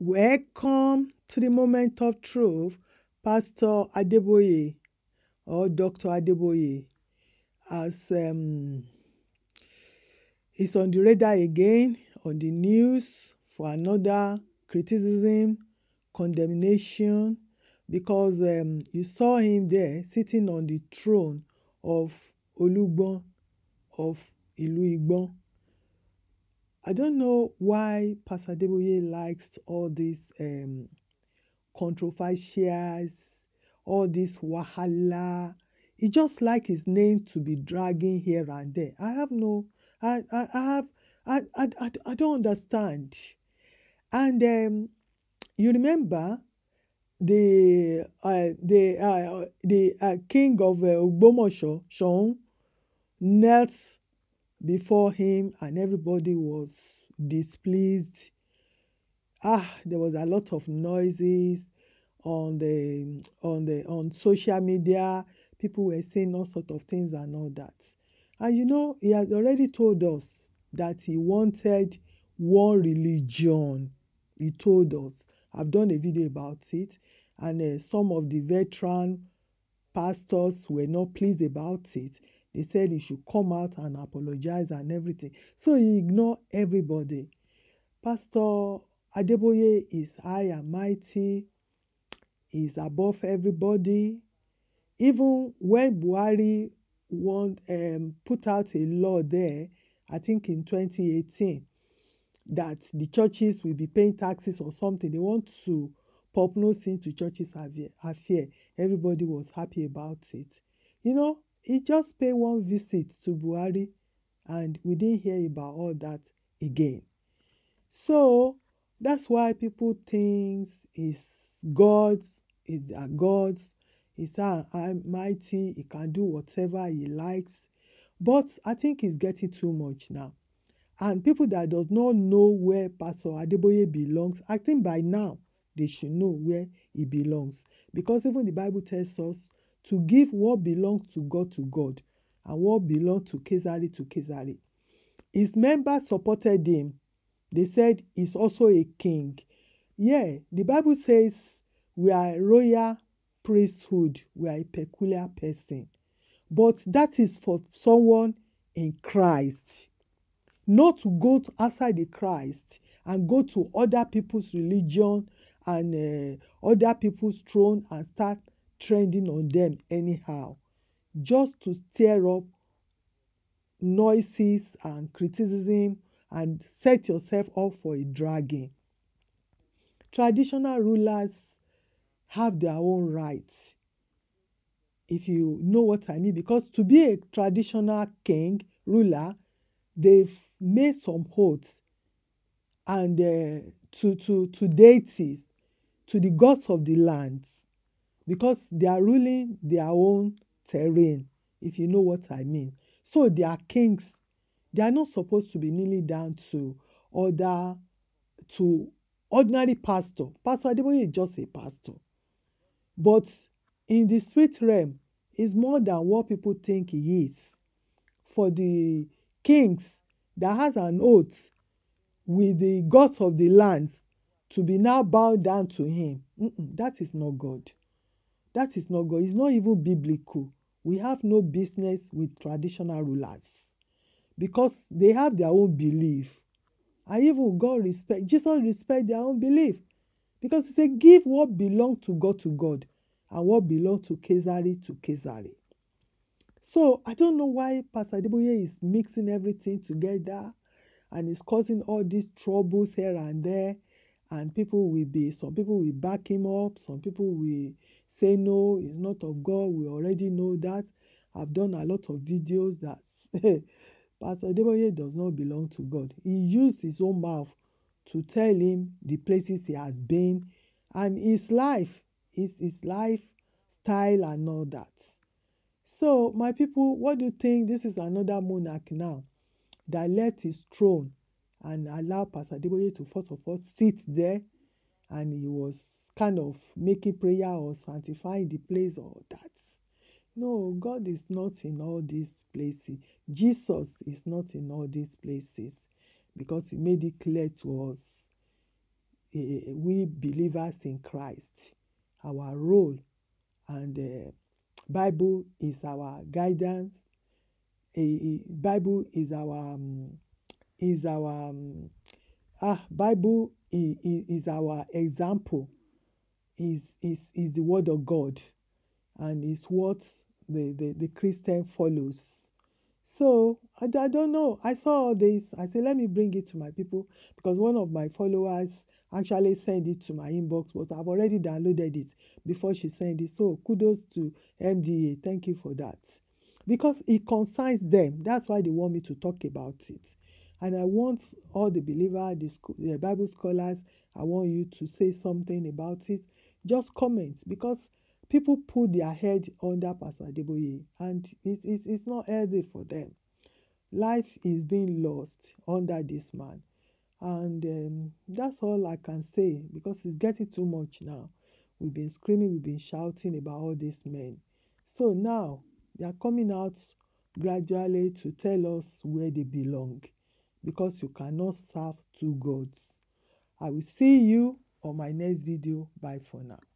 Welcome to the moment of truth, Pastor Adeboye or Dr. Adeboye, as um, he's on the radar again on the news for another criticism, condemnation, because um, you saw him there sitting on the throne of Olugbon of Iluigbon. I don't know why Pastor Deboye likes all these um, controversials, all this wahala. He just like his name to be dragging here and there. I have no, I, I, I have, I, I, I, I don't understand. And um, you remember the uh, the uh, the uh, king of uh, Ogbomosho, Seun, knelt before him, and everybody was displeased. Ah, there was a lot of noises on the on the on social media. People were saying all sort of things and all that. And you know, he had already told us that he wanted one religion. He told us. I've done a video about it, and uh, some of the veteran pastors were not pleased about it. They said he should come out and apologize and everything. So he ignore everybody. Pastor Adeboye is high and mighty, He's above everybody. Even when Buhari want, um, put out a law there, I think in 2018, that the churches will be paying taxes or something, they want to pop no sin to churches affair. Everybody was happy about it. You know, He just paid one visit to Buhari and we didn't hear about all that again. So that's why people think he's God, he's a God, he's almighty, he can do whatever he likes. But I think he's getting too much now. And people that does not know where Pastor Adeboye belongs, I think by now they should know where he belongs. Because even the Bible tells us to give what belongs to God to God and what belongs to Kesari to Kesari. His members supported him. They said he's also a king. Yeah, the Bible says we are a royal priesthood, we are a peculiar person. But that is for someone in Christ. Not to go to outside the Christ and go to other people's religion and uh, other people's throne and start trending on them anyhow, just to stir up noises and criticism and set yourself up for a dragging. Traditional rulers have their own rights, if you know what I mean, because to be a traditional king, ruler, they've made some oaths and uh, to, to, to deities, to the gods of the lands because they are ruling their own terrain, if you know what I mean. So they are kings. They are not supposed to be kneeling down to other, to ordinary pastor. Pastor Adeboye is just a pastor. But in the spirit realm, is more than what people think he is. For the kings that has an oath with the gods of the lands to be now bowed down to him, Mm-mm, that is not God. That is not God. It's not even biblical. We have no business with traditional rulers because they have their own belief. And even God respect, Jesus respect their own belief because he said, give what belongs to God to God and what belongs to Kesari to Kesari. So I don't know why Pastor Deboye is mixing everything together and is causing all these troubles here and there. And people will be, some people will back him up, some people will say no, it's not of God. We already know that. I've done a lot of videos that Pastor Deboye does not belong to God. He used his own mouth to tell him the places he has been and his life, his, his life style and all that. So, my people, what do you think? This is another monarch now that left his throne and allowed Pastor Deboye to first of all sit there and he was kind of making prayer or sanctifying the place or that. No, God is not in all these places. Jesus is not in all these places because He made it clear to us, uh, we believers in Christ, our role and the uh, Bible is our guidance. Uh, Bible is our um, is our um, ah Bible is, is our example is, is, is the word of God and is what the, the, the Christian follows. So I, I don't know. I saw all this. I said, let me bring it to my people because one of my followers actually sent it to my inbox, but I've already downloaded it before she sent it. So kudos to MDA. Thank you for that. Because it concerns them. That's why they want me to talk about it. And I want all the believers, the, the Bible scholars, I want you to say something about it just comment because people put their head under Pastor Adeboye and it's, it's, it's not healthy for them. Life is being lost under this man. And um, that's all I can say because it's getting too much now. We've been screaming, we've been shouting about all these men. So now they are coming out gradually to tell us where they belong because you cannot serve two gods. I will see you for my next video. Bye for now.